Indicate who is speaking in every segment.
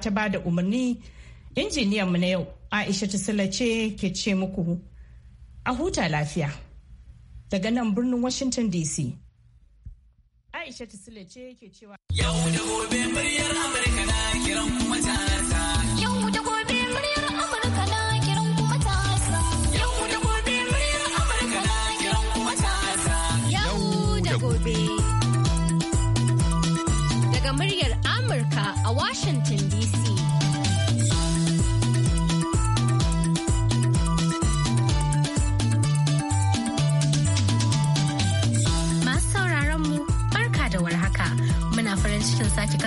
Speaker 1: ta ba da umarni injiniyanmu na yau aisha ta ce ke ce muku a huta lafiya daga nan birnin washington dc aisha ta ce ke cewa yau da gobe muryar amurka na kiran
Speaker 2: kuma ta yau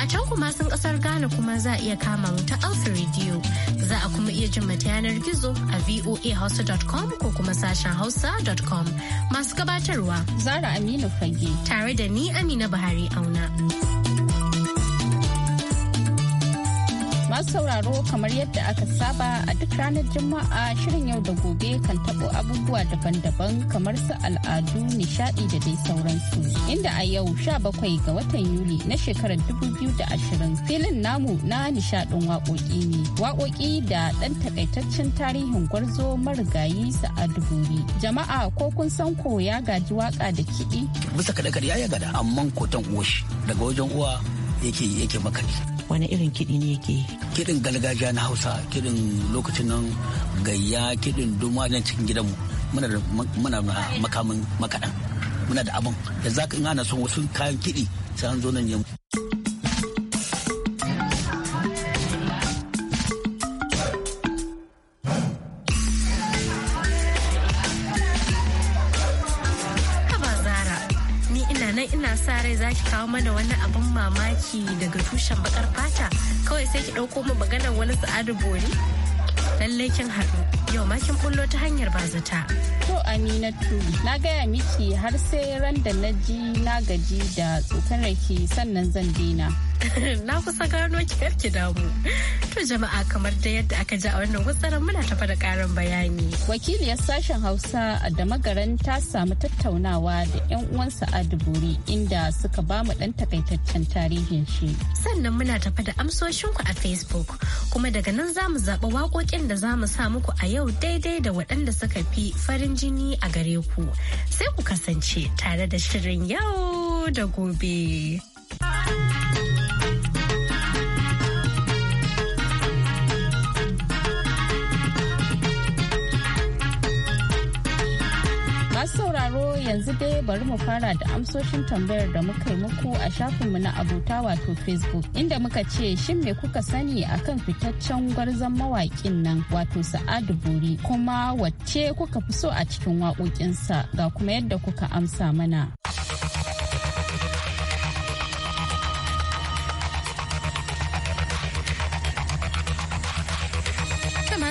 Speaker 3: A can kuma sun kasar Ghana kuma za a iya kama mu ta Alpha Radio. Za a kuma iya jin mata yanar gizo a voahausa.com ko kuma sashen hausa.com. Masu gabatarwa Zara Aminu Fage. Tare da ni Amina Buhari Auna.
Speaker 1: masu sauraro kamar yadda aka saba a duk ranar Juma'a shirin yau da gobe kan tabo abubuwa daban-daban kamar su al'adu, nishadi da dai sauransu. Inda a yau 17 ga watan Yuli na shekarar 2020 filin namu na nishadin waƙoƙi ne. Waƙoƙi da ɗan takaitaccen tarihin gwarzo marigayi Sa'adu Buri. Jama'a ko kun san ko ya gaji waƙa da kiɗi?
Speaker 4: Bisa kaɗe-kaɗe ya gada amman kotan uwa daga wajen uwa yake yake makani. wani irin kiɗi ne yake kiɗin gargajiya na hausa kiɗin lokacin nan gayya kiɗin duma na cikin gidanmu muna makamin makaɗan muna da abin da za ka in ana son wasu kayan kiɗi sai an zo nan yamma
Speaker 3: za ki kawo mana wani abin mamaki daga tushen bakar fata kawai sai ki ɗauko mu maganar wani sa'adu bori lallai kin haɗu yau ma kin bullo ta hanyar bazata.
Speaker 1: To Aminatu na gaya miki har sai ran da na ji na gaji da tsokar rake sannan zan daina.
Speaker 3: na kusa gano kiyar ki damu. To jama'a kamar da yadda aka ji a wannan gutsarin muna tafa da karin bayani.
Speaker 1: Wakiliyar sashen Hausa da magaran ta samu tattaunawa da 'yan uwan Sa'adu Buri inda suka ba mu dan takaitaccen tarihin shi.
Speaker 3: Sannan muna tafa da amsoshin ku a Facebook kuma daga nan za mu zaɓi waƙoƙin da za mu sa muku a yau daidai da waɗanda suka fi farin jini a gare ku. Sai ku kasance tare da shirin yau da gobe.
Speaker 1: sauraro yanzu dai bari mu fara da amsoshin tambayar da muka yi muku a shafinmu na abota wato facebook inda muka ce shin me kuka sani akan fitaccen gwarzon mawaƙin nan wato sa'adu buri kuma wacce kuka fi so a cikin waƙoƙinsa ga kuma yadda kuka amsa mana.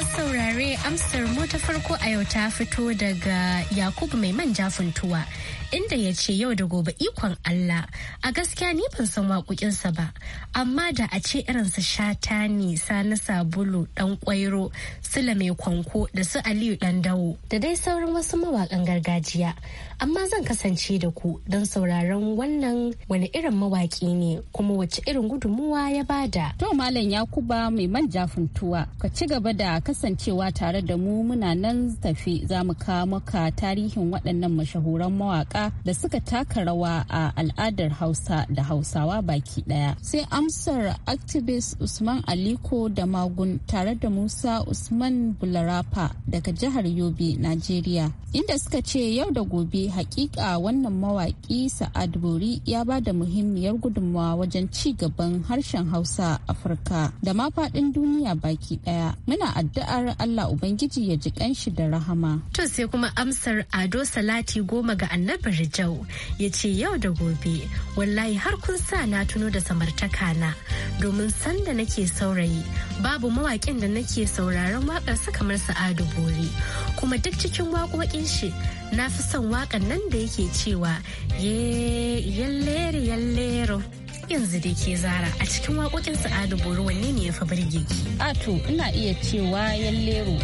Speaker 3: saurare amsar mu ta farko a yau ta fito daga Yakubu mai manja funtuwa inda ya ce yau da gobe ikon Allah a gaskiya ni ban san waƙoƙinsa ba amma da a ce irinsa shata ne sani sabulu dan kwairo sula mai kwanko da su aliyu dan dawo da dai sauran wasu mawakan gargajiya amma zan kasance da ku don sauraron wannan
Speaker 1: wani irin mawaƙi ne kuma wace irin gudunmuwa ya bada to malam yakuba mai manja funtuwa ka ci gaba da kasancewa tare da mu muna nan tafi za mu maka tarihin waɗannan mashahuran mawaƙa mawaka da suka taka rawa a al'adar hausa da hausawa baki ɗaya. sai amsar activist usman aliko da magun tare da musa usman bularafa daga jihar yobe nigeria inda suka ce yau da gobe hakika wannan mawaki sa'ad bori ya ba da muhimmiyar gudunmawa wajen ci gaban harshen hausa afirka da ma faɗin duniya baki ɗaya. muna addu'ar allah ubangiji ya ji kanshi da rahama
Speaker 3: to sai kuma amsar ado salati goma ga annabi Rijau ya ce yau da gobe wallahi har kun sa na tuno da samartaka na domin sanda nake saurayi babu mawaƙin da nake sauraron waƙarsa kamar sa'adu bori kuma duk cikin waƙoƙin shi na fi son waƙan nan da yake cewa ye yallere yallero yanzu da ke zara a cikin waƙoƙin sa'adu bori wanne ne ya fi birge
Speaker 1: ki? ato ina iya cewa yallero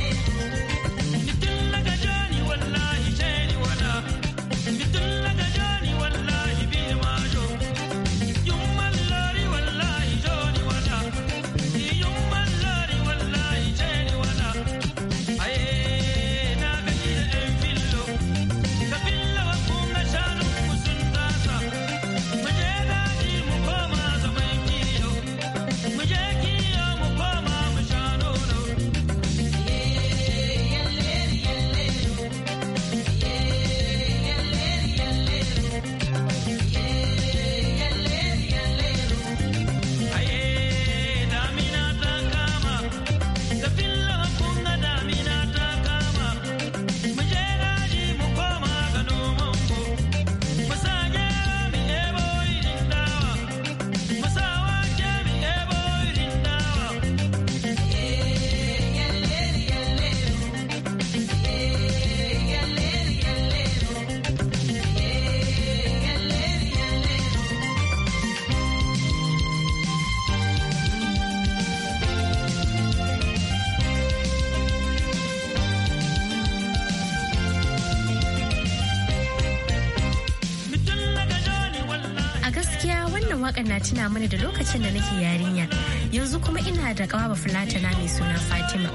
Speaker 3: wakan na tuna mana da lokacin da nake yarinya yanzu kuma ina da ƙawa fulatana mai suna fatima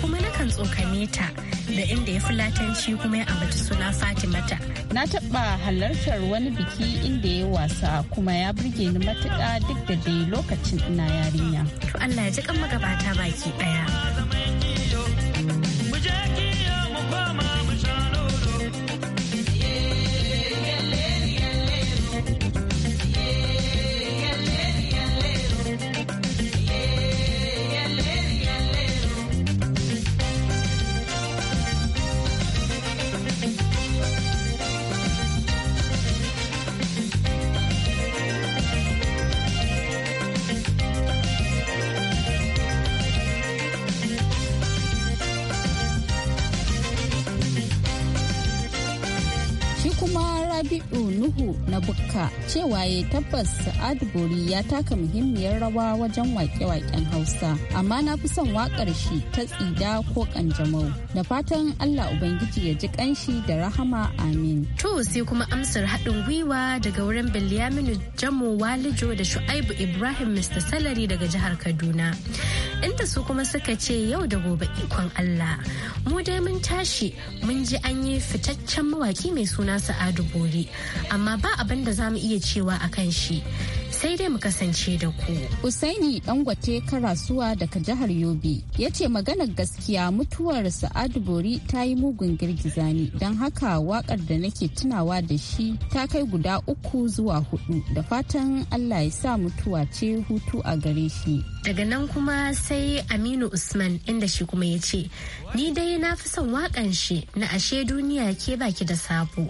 Speaker 3: kuma nakan tsokane ta da inda ya fulatanci kuma ya ambaci suna Fatima ta.
Speaker 1: na taɓa halartar wani biki inda ya wasa kuma ya burge ni matuka duk da dai lokacin ina yarinya to allah ya ji kan magabata baki ɗaya rabi'u nuhu na bukka cewa ya tabbas sa'ad bori ya taka muhimmiyar rawa wajen waƙe-waƙen hausa amma na fi son waƙar shi ta tsida ko kanjamau da fatan allah ubangiji ya ji kanshi da rahama amin to sai kuma amsar haɗin gwiwa daga wurin bilyaminu
Speaker 3: jamo walijo da shu'aibu ibrahim mr salari daga jihar kaduna inda su kuma suka ce yau da gobe ikon Allah. Mu dai mun tashi mun ji an yi fitaccen mawaki mai suna Sa'adu Bori, amma ba abin da za mu iya cewa a kan shi. sai dai mu kasance da ku.
Speaker 1: Usaini Dangote Karasuwa daga jihar Yobe ya ce maganar gaskiya mutuwar Sa'adu Bori ta yi mugun girgiza ni don haka wakar da nake tunawa da shi ta kai guda uku zuwa hudu da fatan Allah ya sa mutuwa ce hutu a gare shi.
Speaker 3: Daga nan kuma sai Aminu Usman inda shi kuma ya ce, Ni dai na fi son waƙan shi na ashe duniya ke baki da sabo.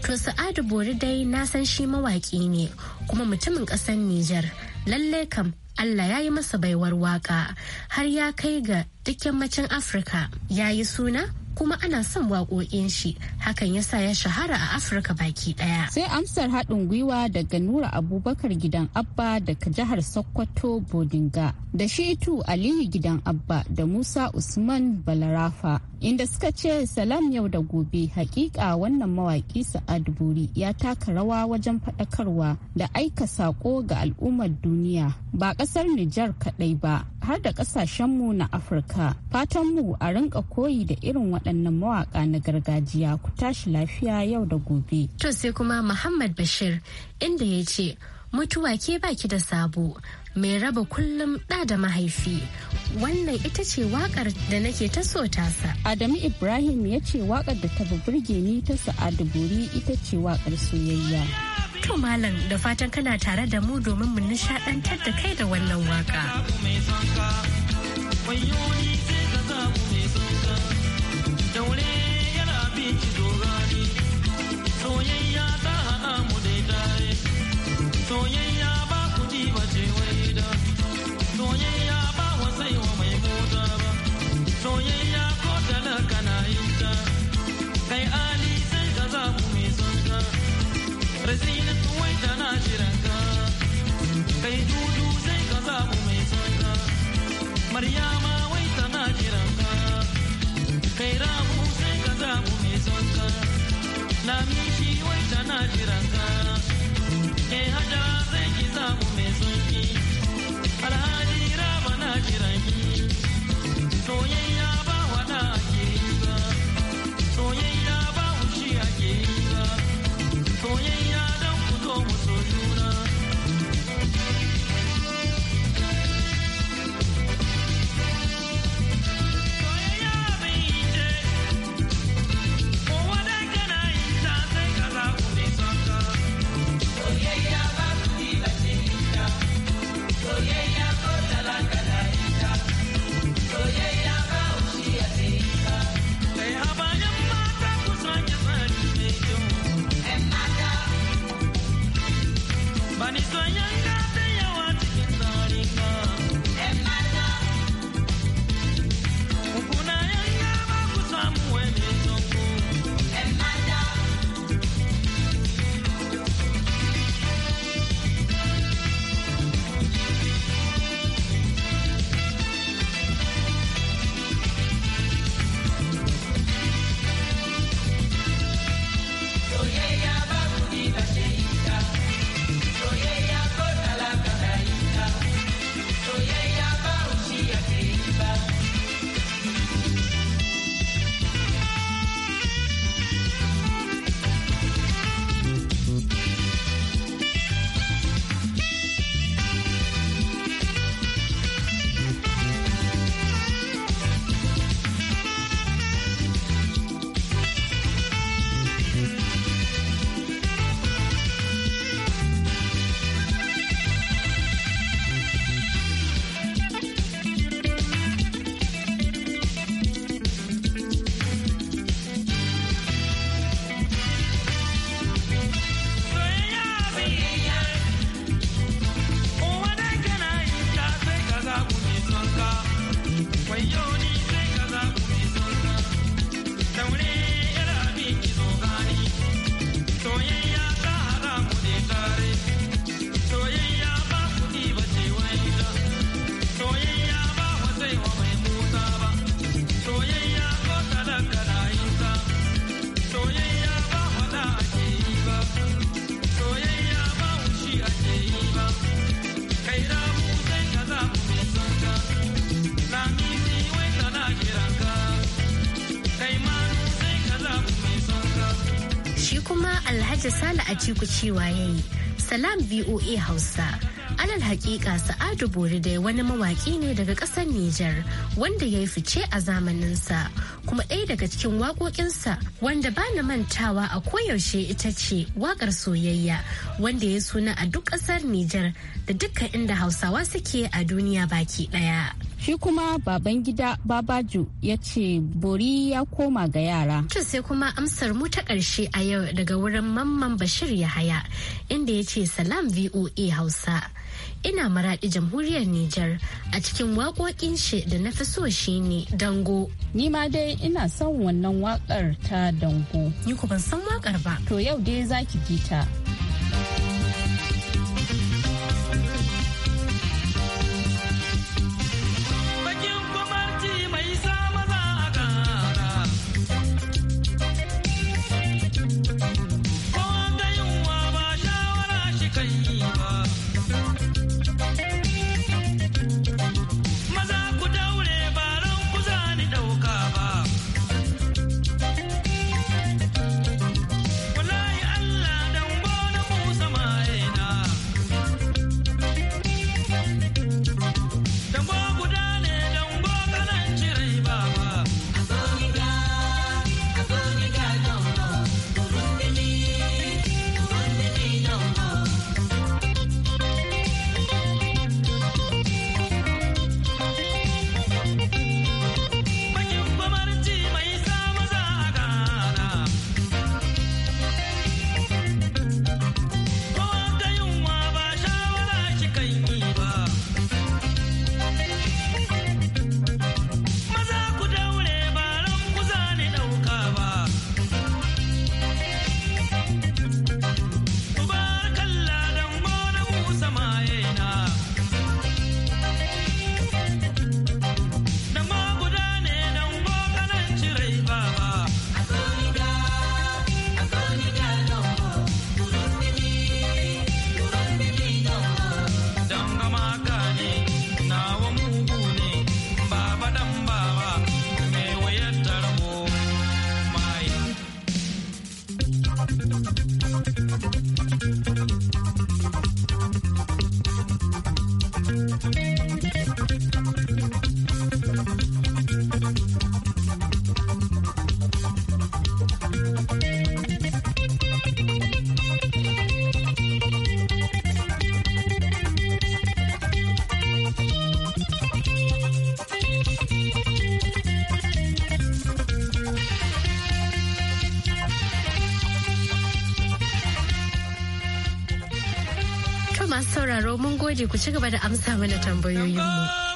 Speaker 3: To Sa'adu Bori dai na san shi mawaƙi ne kuma mutumin ƙasar Nijar. Lalle kam Allah ya yi masa baiwar waƙa har ya kai ga duk yammacin Afirka ya yi suna kuma ana son waƙoƙin shi hakan yasa ya shahara a afirka baki ɗaya
Speaker 1: sai amsar haɗin gwiwa daga nura abubakar gidan abba daga jihar sokoto bodinga da shitu aliyu gidan abba da musa usman balarafa inda suka ce salam yau da gobe hakika wannan mawaƙi sa'ad buri ya taka rawa wajen faɗakarwa da aika saƙo ga al'ummar duniya ba ƙasar nijar kaɗai ba har da ƙasashenmu na afirka fatanmu a rinka koyi da irin waɗannan mawaƙa na gargajiya ku tashi lafiya yau da gobe.
Speaker 3: To sai kuma Muhammad Bashir inda ya ce mutuwa ke baki da sabo mai raba kullum ɗa da mahaifi
Speaker 1: wannan ita ce waƙar da nake ta so tasa. Adamu Ibrahim ya ce waƙar da ta burge ni ta sa'adu buri ita ce waƙar soyayya.
Speaker 3: To malam da fatan kana tare da mu domin mu nishaɗantar da kai da wannan waƙa.
Speaker 5: na mishi wai tana jiran ka
Speaker 3: Sale Atiku cewa yayi Salam VOA Hausa. Alal hakika Sa'adu Bori dai wani mawaki ne daga ƙasar Nijar wanda ya yi fice a zamaninsa kuma ɗaya daga cikin waƙoƙinsa wanda ba na mantawa a koyaushe ita ce waƙar soyayya wanda ya suna a duk ƙasar Nijar da dukkan inda Hausawa suke a duniya baki ɗaya.
Speaker 1: shi kuma baban gida babaju ya ce bori ya koma ga yara to sai kuma
Speaker 3: amsar mu ta ƙarshe a yau daga wurin mamman bashir ya
Speaker 1: haya inda ya ce salam
Speaker 3: voa hausa ina maraɗi jamhuriyar Nijar a cikin waƙoƙin shi da
Speaker 1: na fi so shi ne dango. Ni ma dai ina son wannan waƙar ta dango. Ni ku ban san waƙar ba. To yau dai za ki ji ta.
Speaker 3: sauraro mun gode ku ci gaba da amsa mana tambayoyinmu.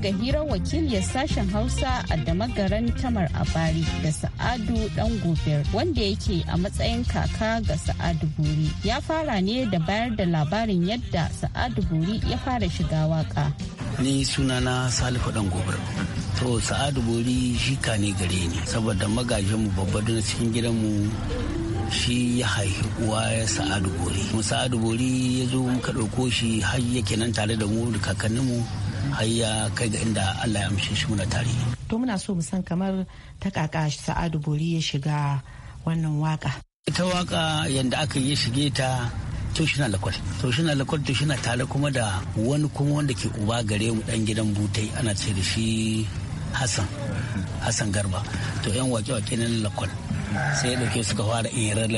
Speaker 1: ga hirar ya sashen Hausa a damagaran Tamar Abari da Sa'adu Dan Gobir wanda yake a matsayin kaka ga Sa'adu Buri. Ya fara ne da bayar da labarin yadda Sa'adu Buri ya fara shiga waka.
Speaker 4: Ni sunana Salifu Dan Gobir. To Sa'adu Buri shika ne gare ni saboda magajinmu babba na cikin gidanmu shi ya haihu uwa ya sa'adu bori mu sa'adu bori ya zo muka ɗauko shi har yake nan tare da mu da kakanninmu har ya kai ga inda Allah ya amshe shi muna tare
Speaker 6: to muna so mu san kamar ta kaka Sa'adu Bori ya shiga wannan waka
Speaker 4: ita waka yanda aka yi shige ta to shi na lakwal to shi na lakwal to shi na tare kuma da wani kuma wanda ke uba gare mu dan gidan butai ana ce da shi Hassan Hassan Garba to yan wake-wake na lakwal sai ya dauke suka fara in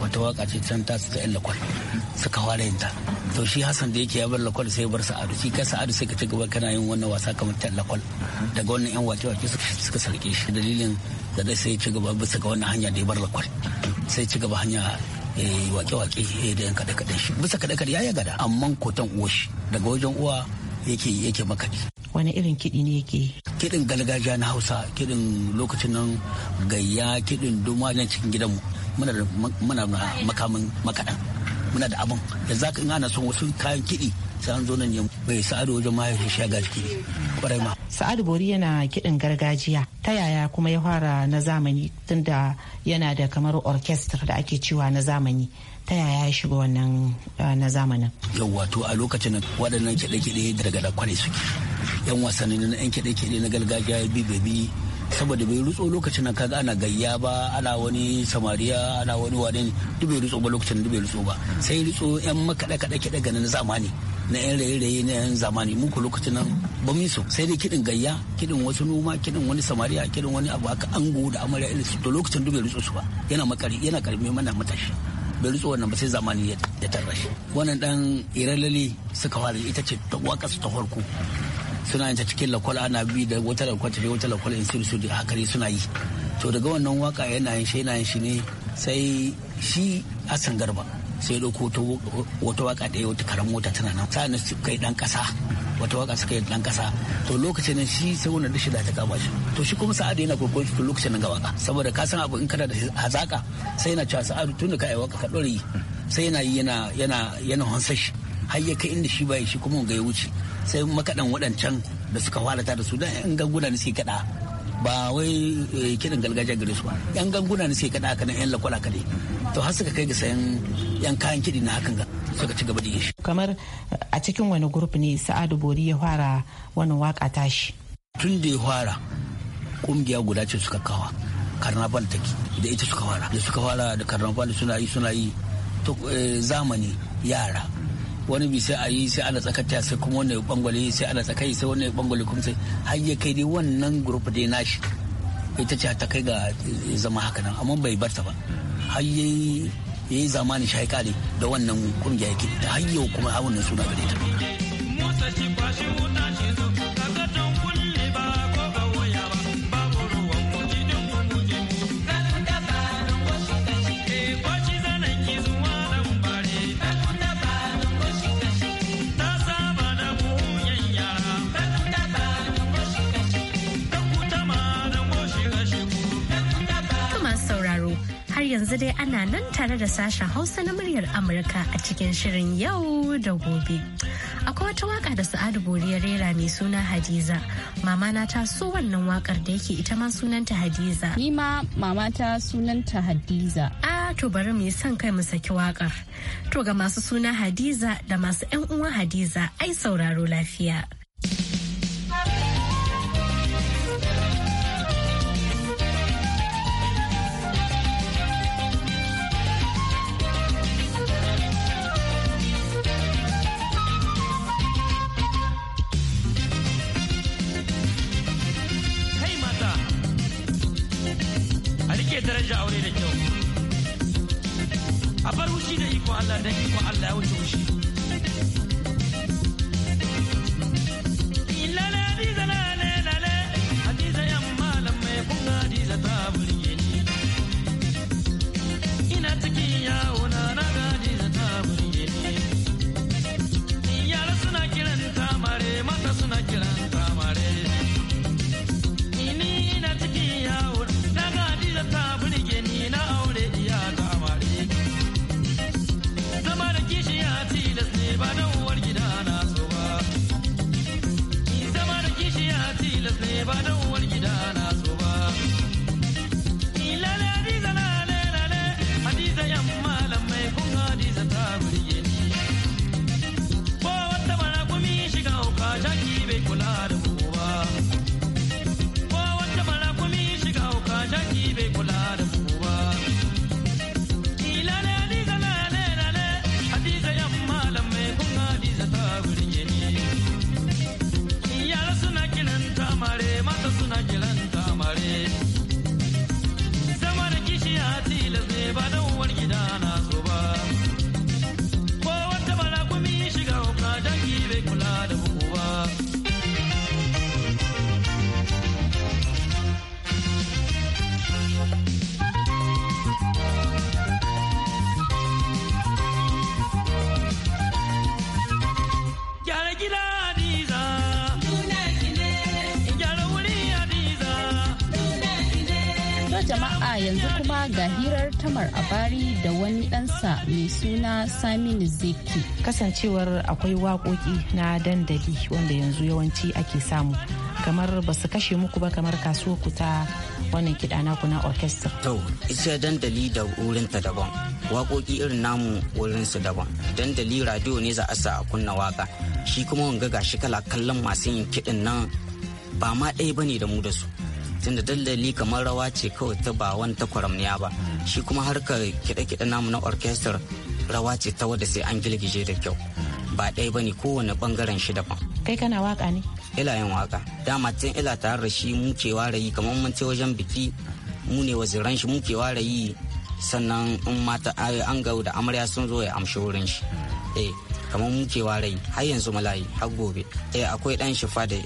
Speaker 4: wata waka ce can ta su ta yan lakwal suka fara yin ta to shi hassan da yake ya bar lakwal sai bar sa'adu shi kai sa'adu sai ka ci gaba kana yin wannan wasa kamar ta lakwal daga wannan yan wake wake suka sarke shi dalilin da dai sai ci gaba bisa ga wannan hanya da ya bar lakwal sai ci gaba hanya eh, wake-wake eh, da yan kada kada shi bisa kada kada ya gada amma kotan uwa shi daga wajen uwa yake yake makaɗi wani irin kiɗi ne yake kiɗin gargajiya na hausa kiɗin lokacin nan gayya kiɗin dumajen cikin gidanmu muna da makamin makaɗan muna da abin da za ka ana son wasu kayan kiɗi sai an zo nan ne bai sa'adu wajen mahaifin shagar kiɗi kwarai ma.
Speaker 6: sa'adu bori yana kiɗin gargajiya ta yaya kuma ya fara na zamani tunda yana da kamar orchestra da ake cewa na zamani ta yaya ya shiga wannan eh, na
Speaker 4: zamanin. yau wato a lokacin waɗannan kiɗe-kiɗe daga da kwarai suke yan wasanni na yan kiɗe-kiɗe na gargajiya bi. saboda bai rutso lokacin nan kaga ana gayya ba ana wani samariya ana wani wane duk bai rutso ba lokacin duk bai rutso ba sai rutso yan makaɗa kaɗa kiɗa ganin zamani na yan raye-raye na yan zamani mun ku lokacin nan ba mu so sai dai kiɗin gayya kiɗin wasu noma kiɗin wani samariya kiɗin wani abu haka ango da amarya irin su to lokacin duk bai rutso su ba yana makari yana karmi mana matashi bai rutso wannan ba sai zamani ya tarra shi wannan dan irallali suka fara ita ce ta waka su ta farko suna yin ta cikin lakwal ana bi da wata lakwal tafi wata lakwal in sun su da hakari suna yi to daga wannan waka yana yin shi yana yin shi ne sai shi hassan garba sai ɗauko wata waka ɗaya wata karan mota tana nan sa'an kai ɗan ƙasa wata waka suka yi ɗan ƙasa to lokacin nan shi sai wannan da ta kama shi to shi kuma sa'adu yana kokon shi lokacin nan ga waka saboda ka san abu in kana da hazaka sai yana cewa sa'adu tun da ka yi waka ka dore sai yana yi yana yana yana hansar shi har ya kai inda shi bai shi kuma ga ya wuce sai makadan waɗancan da suka halata da su dan yan ganguna ne suke kaɗa ba wai eh, kiɗan gargajiya gare su ba yan ganguna ne suke kaɗa kana yan lakwala kaɗai to har suka kai ga sayan yan kayan kiɗi na hakan ga suka ci gaba da yin shi. kamar
Speaker 6: a cikin wani grup ne sa'adu bori ya fara wannan waka tashi.
Speaker 4: tun da ya fara kungiya guda ce suka kawa karnaval take da ita suka fara da suka fara da karnaval suna yi suna yi eh, zamani yara wani bi sai a yi sai ana tsakata sai kuma wani bangwale sai ana tsakai sai wani bangwale kuma sai har ya kai dai wannan group dai nashi ita ce ta kai ga zama haka nan amma bai barta ba har ya yi zamani shaikali da wannan kungiya yake ta har kuma a wannan suna gare ta.
Speaker 3: dai ana nan tare da sashen Hausa na muryar Amurka a cikin shirin yau da gobe. Akwai wata waka da Sa'adu Bori rera mai suna Hadiza. Mama na ta so wannan wakar da yake ita ma sunanta Hadiza. Ni
Speaker 1: ma mama ta
Speaker 3: sunanta Hadiza. A to bari mu yi son kai mu saki wakar. To ga masu suna Hadiza da masu 'yan uwan Hadiza ai sauraro lafiya.
Speaker 5: daraja aure da kyau a bar wushi da iko Allah don iko Allah ya wuce wushi
Speaker 1: jama'a yanzu kuma ga hirar tamar abari da wani ɗansa mai suna Saminu Zeki.
Speaker 6: Kasancewar akwai waƙoƙi na dandali wanda yanzu yawanci ake samu. kamar ba su kashe muku ba kamar kasuwa ku ta wannan kiɗa naku na orchestra. To,
Speaker 7: ita dandali da wurinta daban, waƙoƙi irin namu wurin su daban. Dandali radio ne za a sa a kunna waka, shi kuma wanga gashi kala kallon masu yin kiɗin nan ba ma ɗaya bane da mu da su. tunda dandali kamar rawa ce kawai ta ba wani ta kwaramniya ba shi kuma harkar kiɗe-kiɗe namu na orchestra rawa ce ta wadda sai an gilgije da kyau ba ɗaya ba ne kowane ɓangaren shi daban
Speaker 6: kai kana waka ne
Speaker 7: ila yin waka dama tun ila tare da shi mu ke ware yi kamar mun ce wajen biki mu ne waziran shi mu ke ware yi sannan in mata an ga da amarya sun zo ya amshi wurin shi eh kamar mu ke ware yi har yanzu malayi har gobe eh akwai dan shi fada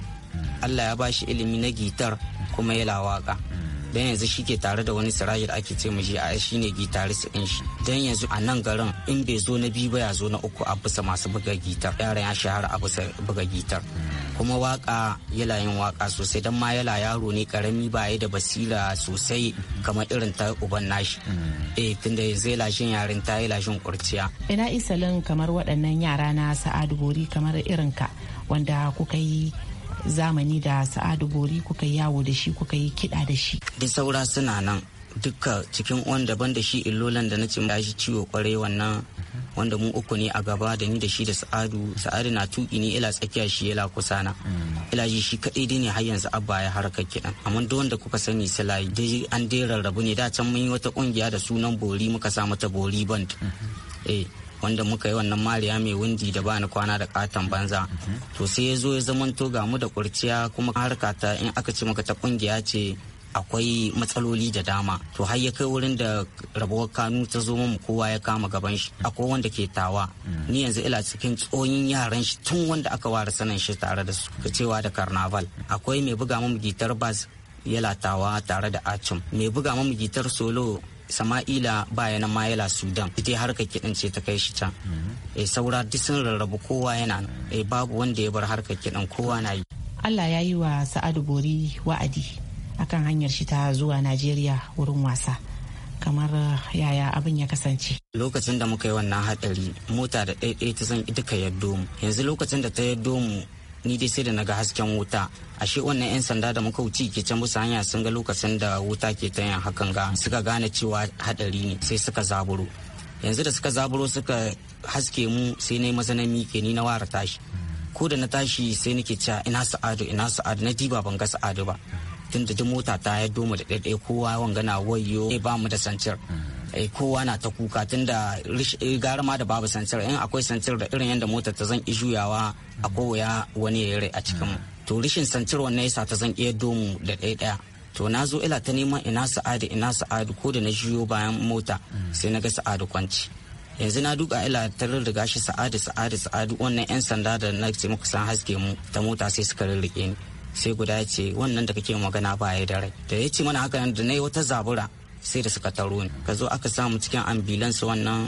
Speaker 7: Allah ya bashi ilimi na gitar kuma yala waka don yanzu shi ke tare da wani siraji ake ce mishi a shi ne gitarist ɗin shi don yanzu a nan garin in bai zo na biyu ba ya zo na uku a bisa masu buga gitar yaran ya shahara a bisa buga gitar kuma waka yana yin waka sosai don ma yana yaro ne karami ba da basira sosai kamar irin ta uban nashi eh tunda yanzu yala lashin yarin ta yi lashin kurciya
Speaker 6: ina isalin kamar waɗannan yara na sa'adu gori kamar irin ka wanda kuka yi zamani da sa'adu bori kuka yawo da shi kuka yi kiɗa da shi
Speaker 7: da saura suna nan duka cikin on daban da shi illolan da na ce ya shi ciwo kwarai wannan wanda mu uku ne a gaba da ni da shi da sa'adu sa'adu na tuki ne ila tsakiya shi yala kusa na ila shi shi kadai dai ne har yanzu abba ya harkar kiɗan amma duk wanda kuka sani silayi dai an dai rarrabu ne da can mun yi wata kungiya da sunan bori muka sa mata bori band eh wanda muka yi wannan mariya mai windi da bani kwana da katon banza to sai ya zo ya zamanto ga mu da kurciya kuma harka ta in aka ce maka ta kungiya ce akwai matsaloli da dama to har ya kai wurin da rabuwar kanu ta zo mu kowa ya kama gaban shi akwai wanda ke tawa ni yanzu ila cikin tsoyin yaran shi tun wanda aka ware sanin shi tare da su cewa da carnaval akwai mai buga mu gitar bas yalatawa tare da acim mai buga mamu gitar solo sama'ila baya na mayela sudan ita harkar kiɗan ce ta kai shi can e saura duk sun rarrabu kowa yana e babu wanda ya bar harkar kiɗan kowa na yi
Speaker 6: allah ya yi wa sa'adu bori wa'adi akan hanyar shi ta zuwa najeriya wurin wasa kamar yaya abin ya kasance.
Speaker 7: Lokacin da muka yi wannan hadari mota da ɗaiɗai ta san duka yaddo mu. Yanzu lokacin da ta yaddo mu ni dai sai da naga hasken wuta ashe wannan 'yan sanda da muka wuce ke can musu hanya sun ga lokacin da wuta ke ta yin hakan ga suka gane cewa hadari ne sai suka zaburo yanzu da suka zaburo suka haske mu sai na yi mazanami ke ni na wara tashi ko da na tashi sai nake cewa ina sa'adu ina sa'adu na diba ban ga sa'adu ba tun da duk mota ta ya doma da ɗaiɗai kowa wanga na wayo ne eh, ba mu da sancir Eh, kowa na ta kuka tunda eh, gara ma da babu sancira in akwai santir da irin yadda motar ta zan ijuyawa a kowaya wani ya rai a cikin mu mm. to rishin santir wannan yasa ta zan iya domu da ɗaya ɗaya to na zo ila ta neman ina sa'adu ina sa'adu ko da na juyo bayan mota mm. sai na ga sa'adu kwanci yanzu na duka ila ta rirriga shi sa'adu sa'adu sa'adu wannan yan sanda da na ce muku san haske mu ta mota sai suka rirrike ni sai guda ya ce wannan da kake magana ba ya da rai da ya ce mana haka da na yi wata zabura sai da suka taro ni ka zo aka samu cikin ambulance wannan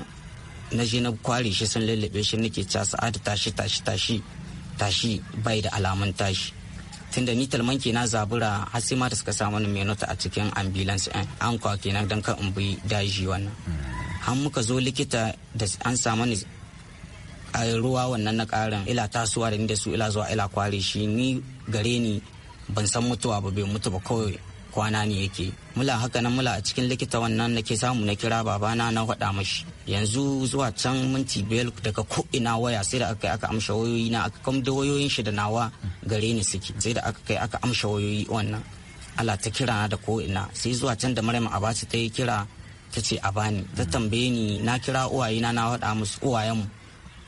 Speaker 7: na je na kware shi sun lallabe shi nake ca sa'adu tashi tashi tashi tashi bai da alamun tashi tunda ni talman na zabura har sai ma da suka samu ni menota a cikin ambulance ɗin an kwa kenan don ka in bi daji wannan har muka zo likita da an samu ni ruwa wannan na karin ila tasowa da ni da su ila zuwa ila kware shi ni gare ni ban san mutuwa ba bai mutu ba kawai kwana ne yake mula haka nan mula a cikin likita wannan ke samu na kira babana na faɗa mashi yanzu zuwa can minti biyar daga ko ina waya sai da aka aka amsha wayoyi na aka kam wayoyin shi da nawa gare ni suke sai da aka kai aka amsha wayoyi wannan ala ta kira da ko ina sai zuwa can da Maryam Abasu ta yi kira ta ce a bani ta tambaye ni na kira uwaye na na faɗa musu uwayen mu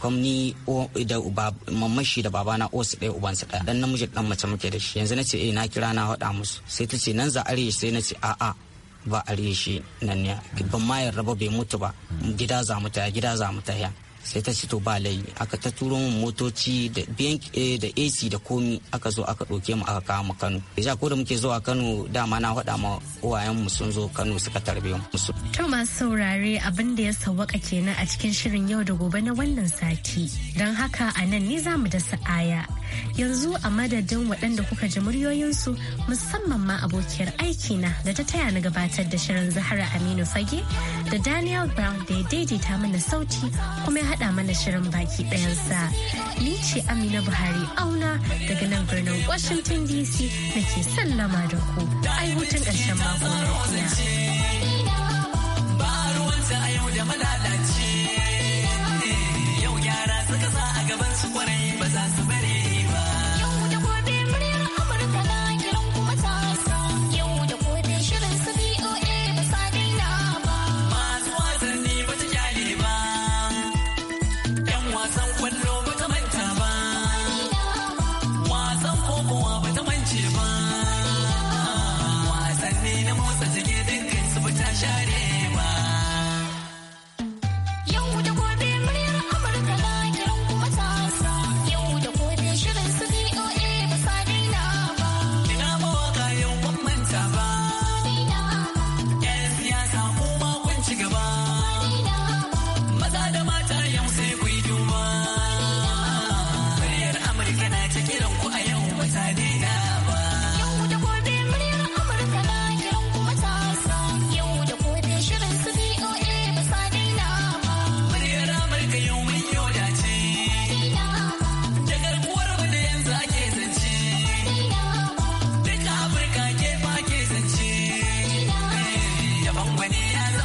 Speaker 7: kwamni da mamashi da babana osu ɗaya ubansa ɗaya dan namiji dan mace muke da shi yanzu na ce eh na kira na haɗa musu sai ta ce nan za are sai na ce a'a ba a shi nan ne ban ma yarda bai mutu ba gida za mu taya gida za mu taya sai ta ci to ba lai aka ta turo min motoci da bnk eh, da ac da komi aka zo aka ɗauke mu aka kawo mu kano deja ko da muke zuwa kano dama na faɗa ma uwayen mu sun zo kano suka tarbe mu
Speaker 3: to masu saurare abin da ya sauwaka kenan a cikin shirin yau da gobe na wannan sati don haka a nan ne za mu da sa'aya yanzu a madadin waɗanda kuka ji muryoyinsu musamman ma abokiyar aiki na da ta taya na gabatar da shirin zahara aminu fage da daniel brown da ya daidaita mana sauti kuma ya haɗa mana shirin baki ɗayansa ni ce amina buhari auna daga nan birnin washington dc da ke sallama da ku ai hutun ƙarshen mako na
Speaker 2: Ba yau da malalaci.